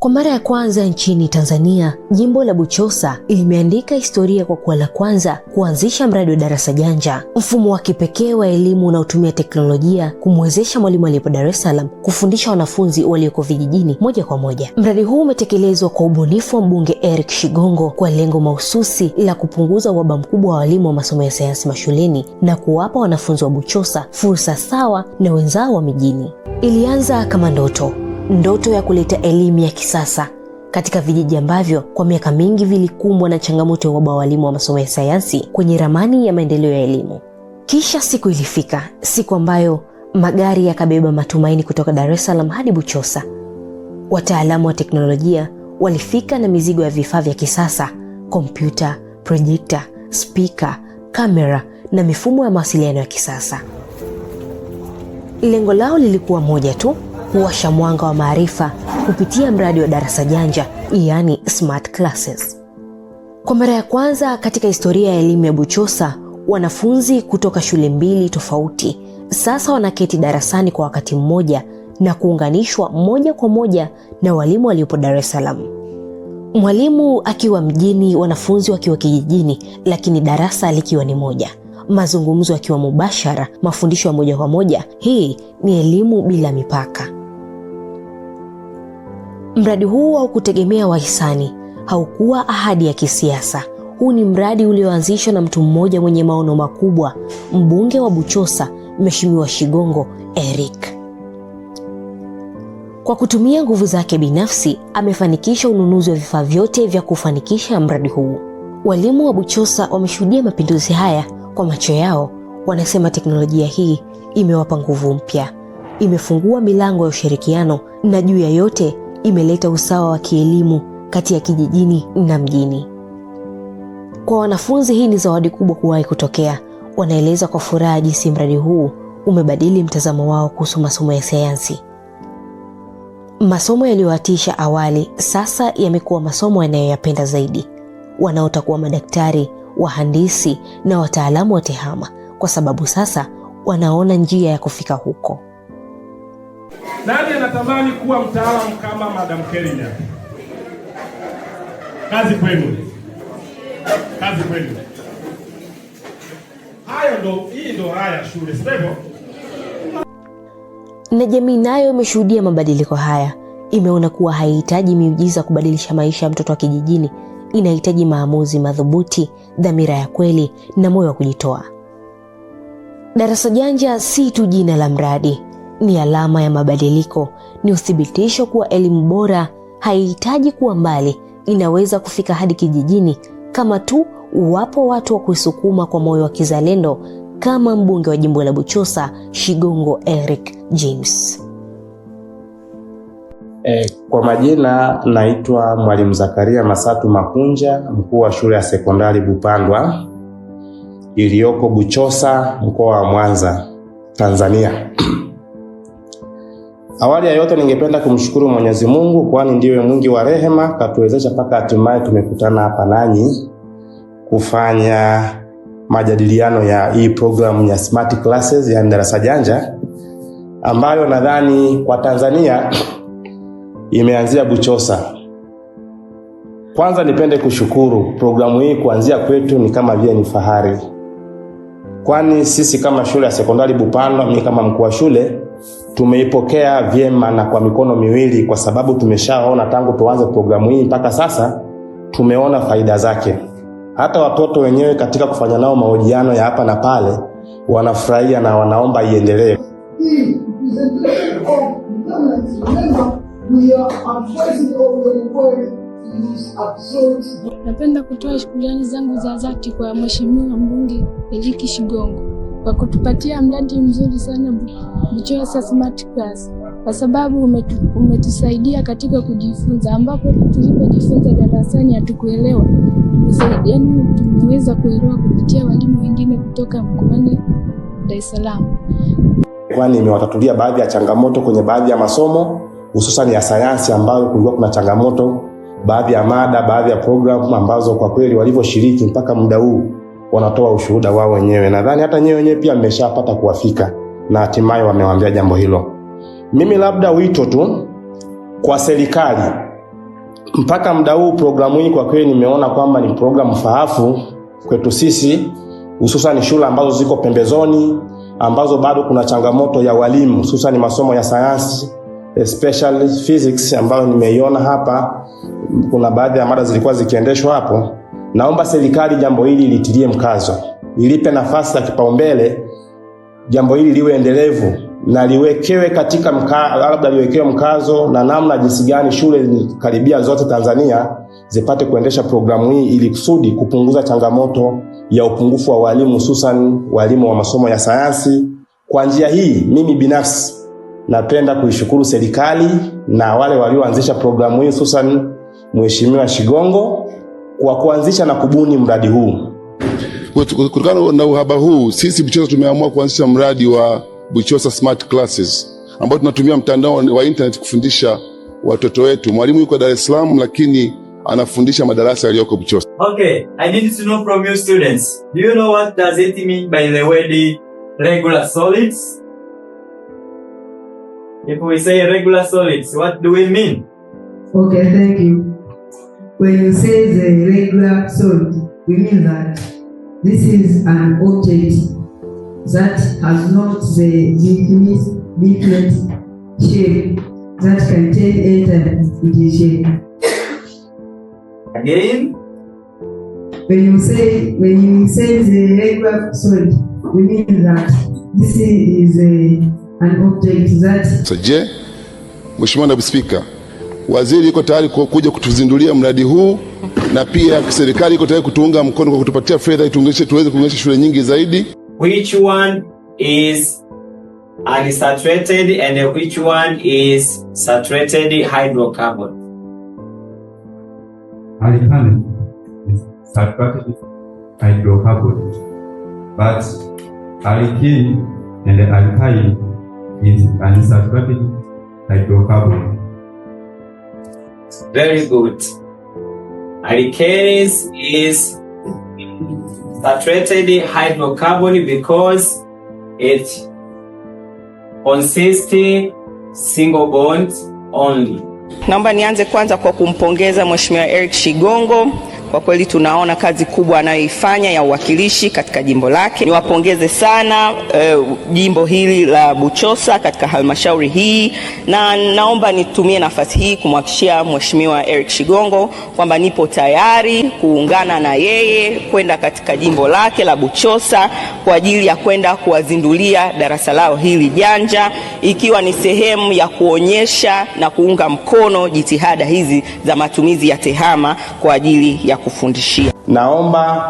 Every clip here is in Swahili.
Kwa mara ya kwanza nchini Tanzania, jimbo la Buchosa limeandika historia kwa kuwa la kwanza kuanzisha mradi wa darasa janja, mfumo wa kipekee wa elimu unaotumia teknolojia kumwezesha mwalimu aliyepo Dar es Salaam kufundisha wanafunzi walioko vijijini moja kwa moja. Mradi huu umetekelezwa kwa ubunifu wa mbunge Eric Shigongo kwa lengo mahususi la kupunguza uhaba mkubwa wa walimu wa masomo ya sayansi mashuleni na kuwapa wanafunzi wa Buchosa fursa sawa na wenzao wa mijini. Ilianza kama ndoto ndoto ya kuleta elimu ya kisasa katika vijiji ambavyo kwa miaka mingi vilikumbwa na changamoto ya uhaba wa walimu wa masomo ya sayansi kwenye ramani ya maendeleo ya elimu. Kisha siku ilifika, siku ambayo magari yakabeba matumaini kutoka Dar es Salaam hadi Buchosa. Wataalamu wa teknolojia walifika na mizigo ya vifaa vya kisasa: kompyuta, projekta, spika, kamera na mifumo ya mawasiliano ya kisasa. Lengo lao lilikuwa moja tu: huwasha mwanga wa maarifa kupitia mradi wa darasa janja, yani smart classes. Kwa mara ya kwanza katika historia ya elimu ya Buchosa, wanafunzi kutoka shule mbili tofauti sasa wanaketi darasani kwa wakati mmoja na kuunganishwa moja kwa moja na walimu waliopo Dar es Salaam, mwalimu akiwa mjini, wanafunzi wakiwa kijijini, lakini darasa likiwa ni moja, mazungumzo yakiwa mubashara, mafundisho ya moja kwa moja. Hii ni elimu bila mipaka. Mradi huu haukutegemea wahisani, haukuwa ahadi ya kisiasa. Huu ni mradi ulioanzishwa na mtu mmoja mwenye maono makubwa, mbunge wa Buchosa, Mheshimiwa Shigongo Eric. Kwa kutumia nguvu zake binafsi, amefanikisha ununuzi wa vifaa vyote vya kufanikisha mradi huu. Walimu wa Buchosa wameshuhudia mapinduzi haya kwa macho yao. Wanasema teknolojia hii imewapa nguvu mpya, imefungua milango ya ushirikiano, na juu ya yote imeleta usawa wa kielimu kati ya kijijini na mjini. Kwa wanafunzi, hii ni zawadi kubwa kuwahi kutokea. Wanaeleza kwa furaha jinsi mradi huu umebadili mtazamo wao kuhusu masomo ya sayansi. Masomo yaliyowatisha awali sasa yamekuwa masomo yanayoyapenda zaidi. Wanaota kuwa madaktari, wahandisi na wataalamu wa tehama, kwa sababu sasa wanaona njia ya kufika huko. Nani anatamani kuwa mtaalamu kama Madam Kenya? Kazi kwenu, kazi kwenu. Hayo ndo, hii ndo haya shule, sivyo hivyo? Na jamii nayo imeshuhudia mabadiliko haya, imeona kuwa haihitaji miujiza kubadilisha maisha ya mtoto wa kijijini, inahitaji maamuzi madhubuti, dhamira ya kweli na moyo wa kujitoa. Darasa Janja si tu jina la mradi ni alama ya mabadiliko, ni uthibitisho kuwa elimu bora haihitaji kuwa mbali, inaweza kufika hadi kijijini kama tu wapo watu wa kuisukuma kwa moyo wa kizalendo, kama mbunge wa jimbo la Buchosa Shigongo Eric James. E, kwa majina naitwa Mwalimu Zakaria Masatu Makunja, mkuu wa shule ya sekondari Bupandwa iliyoko Buchosa, mkoa wa Mwanza, Tanzania. Awali ya yote ningependa kumshukuru Mwenyezi Mungu, kwani ndiye mwingi wa rehema, katuwezesha mpaka hatimaye tumekutana hapa nanyi kufanya majadiliano ya hii programu ya Smart Classes ya darasa janja ambayo nadhani kwa Tanzania imeanzia Buchosa. Kwanza nipende kushukuru programu hii kuanzia kwetu ni kama vile ni fahari, kwani sisi kama shule ya sekondari Bupando, mimi kama mkuu wa shule tumeipokea vyema na kwa mikono miwili, kwa sababu tumeshaona tangu tuanze programu hii mpaka sasa tumeona faida zake. Hata watoto wenyewe katika kufanya nao mahojiano ya hapa na pale wanafurahia na wanaomba iendelee. Napenda kutoa shukrani zangu za zati kwa Mheshimiwa Mbunge eliki Shigongo kwa kutupatia mradi mzuri sana Buchosa Smart Class, kwa sababu umetu, umetusaidia katika kujifunza, ambapo tulipojifunza darasani hatukuelewa, yaani tumeweza kuelewa kupitia walimu wengine kutoka mkoani Dar es Salaam, kwani imewatatulia baadhi ya changamoto kwenye baadhi ya masomo hususan ya sayansi, ambayo kulikuwa kuna changamoto baadhi ya mada, baadhi ya programu ambazo kwa kweli walivyoshiriki mpaka muda huu wanatoa ushuhuda wao wenyewe. Nadhani hata nyewe wenyewe pia mmeshapata kuwafika na hatimaye wamewaambia jambo hilo. Mimi labda wito tu kwa serikali, mpaka muda huu programu hii kwa kweli nimeona kwamba ni programu faafu kwetu sisi, hususan shule ambazo ziko pembezoni, ambazo bado kuna changamoto ya walimu, hususan masomo ya sayansi especially physics ambayo nimeiona hapa, kuna baadhi ya mada zilikuwa zikiendeshwa hapo Naomba serikali jambo hili litilie mkazo, ilipe nafasi ya kipaumbele, jambo hili liwe endelevu na liwekewe katika mka, labda liwekewe mkazo na namna jinsi gani shule karibia zote Tanzania zipate kuendesha programu hii ili kusudi kupunguza changamoto ya upungufu wa walimu hususan walimu wa masomo ya sayansi. Kwa njia hii, mimi binafsi napenda kuishukuru serikali na wale walioanzisha programu hii hususan Mheshimiwa Shigongo kwa kuanzisha na kubuni mradi huu. Kutokana na uhaba huu, sisi Buchosa tumeamua kuanzisha mradi wa Buchosa Smart Classes ambao tunatumia mtandao wa internet kufundisha watoto wetu. Mwalimu yuko Dar es Salaam lakini anafundisha madarasa yaliyoko Buchosa. Okay, I need to know from you students. Do you know what does it mean by the word regular solids? If we say regular solids, what do we mean? Okay, thank you. when you say the regular solid, we mean that this is an object that has not the definite, different shape that can take enter its shape. Again, when you say when you say the regular solid, we mean that this is a, an object that. So, Jay, Mheshimiwa Naibu speaker? waziri yuko tayari kuja kutuzindulia mradi huu na pia serikali iko tayari kutuunga mkono kwa kutupatia fedha tuweze kuunganisha shule nyingi zaidi. Which one is unsaturated and which one is saturated hydrocarbon? is Saturated hydrocarbon. But alkene and alkyne is unsaturated hydrocarbon. Very good. Alkanes is saturated hydrocarbon because it consists single bonds only. Naomba nianze kwanza kwa kumpongeza Mheshimiwa Eric Shigongo kwa kweli tunaona kazi kubwa anayoifanya ya uwakilishi katika jimbo lake. Niwapongeze sana e, jimbo hili la Buchosa katika halmashauri hii, na naomba nitumie nafasi hii kumhakikishia Mheshimiwa Eric Shigongo kwamba nipo tayari kuungana na yeye kwenda katika jimbo lake la Buchosa kwa ajili ya kwenda kuwazindulia darasa lao hili janja, ikiwa ni sehemu ya kuonyesha na kuunga mkono jitihada hizi za matumizi ya TEHAMA kwa ajili ya kufundishia. Naomba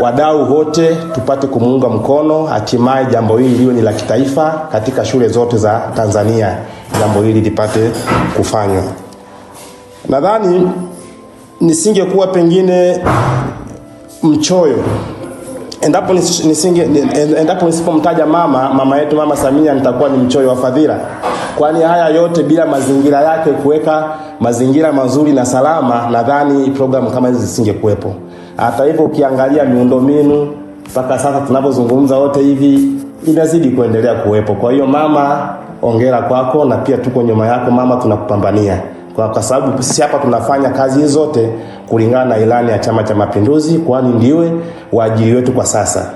wadau wote tupate kumuunga mkono, hatimaye jambo hili liwe ni la kitaifa katika shule zote za Tanzania, jambo hili lipate kufanywa. Nadhani nisingekuwa pengine mchoyo endapo nisinge endapo nisipomtaja mama mama yetu Mama Samia nitakuwa ni mchoyo wa fadhila. Kwani haya yote bila mazingira yake kuweka mazingira mazuri na salama, nadhani programu kama hizi zisingekuwepo. Hata hivyo, ukiangalia miundombinu mpaka sasa tunapozungumza wote hivi inazidi kuendelea kuwepo. Kwa hiyo mama, ongera kwako, na pia tuko nyuma yako mama, tunakupambania kwa, kwa sababu sisi hapa tunafanya kazi zote kulingana na ilani ya Chama cha Mapinduzi, kwani ndiwe waajili wetu kwa sasa.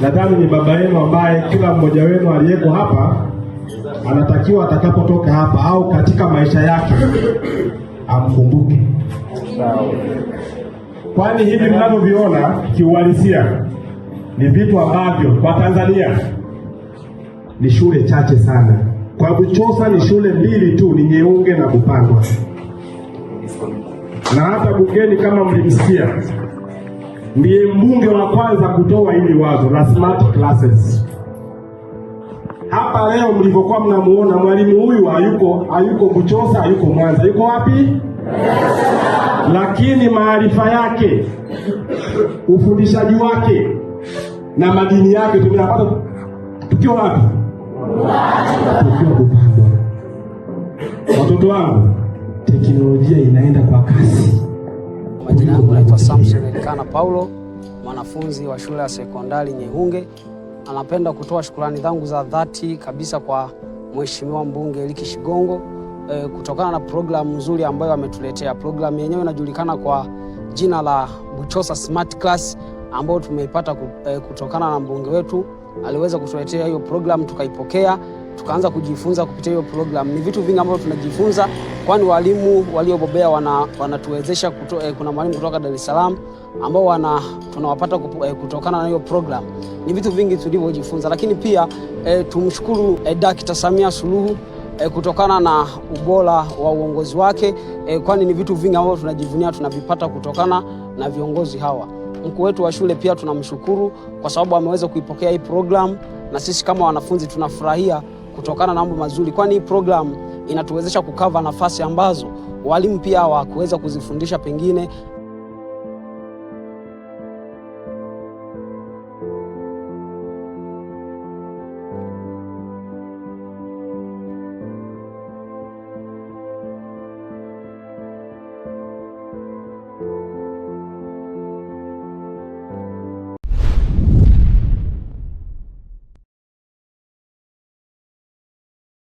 Nadhani ni baba yenu ambaye kila mmoja wenu aliyeko hapa anatakiwa atakapotoka hapa au katika maisha yake amkumbuke, kwani hivi mnavyoviona kiuhalisia ni vitu ambavyo kwa Tanzania ni shule chache sana. Kwa Buchosa ni shule mbili tu, ni Nyeunge na Bupangwa, na hata bungeni kama mlimsikia, ndiye mbunge wa kwanza kutoa hili wazo la smart classes hapa leo mlivyokuwa mnamuona mwalimu huyu hayuko, hayuko Buchosa, hayuko Mwanza, yuko wapi? Lakini maarifa yake, ufundishaji wake na madini yake tumeyapata tukiwa wapi? Tukiwa Watoto wangu, teknolojia inaenda kwa kasi. Majina yangu naitwa Samson Elikana Paulo, mwanafunzi wa shule ya sekondari Nyehunge anapenda kutoa shukrani zangu za dhati kabisa kwa Mheshimiwa mbunge Eliki Shigongo e, kutokana na programu nzuri ambayo ametuletea. Programu yenyewe inajulikana kwa jina la Buchosa Smart Class ambayo tumeipata eh, kutokana na mbunge wetu, aliweza kutuletea hiyo programu tukaipokea tukaanza kujifunza kupitia hiyo program. Ni vitu vingi ambavyo tunajifunza, kwani walimu waliobobea wanatuwezesha wana kuto, eh, kuna mwalimu kutoka Dar es Salaam ambao wana tunawapata eh, kutokana na hiyo program. Ni vitu vingi tulivyojifunza, lakini pia eh, tumshukuru eh, Dkt. Samia Suluhu eh, kutokana na ubora wa uongozi wake eh, kwani ni vitu vingi ambavyo tunajivunia tunavipata kutokana na viongozi hawa. Mkuu wetu wa shule pia tunamshukuru kwa sababu ameweza kuipokea hii program na sisi kama wanafunzi tunafurahia kutokana na mambo mazuri, kwani hii program inatuwezesha kukava nafasi ambazo walimu pia hawakuweza kuzifundisha pengine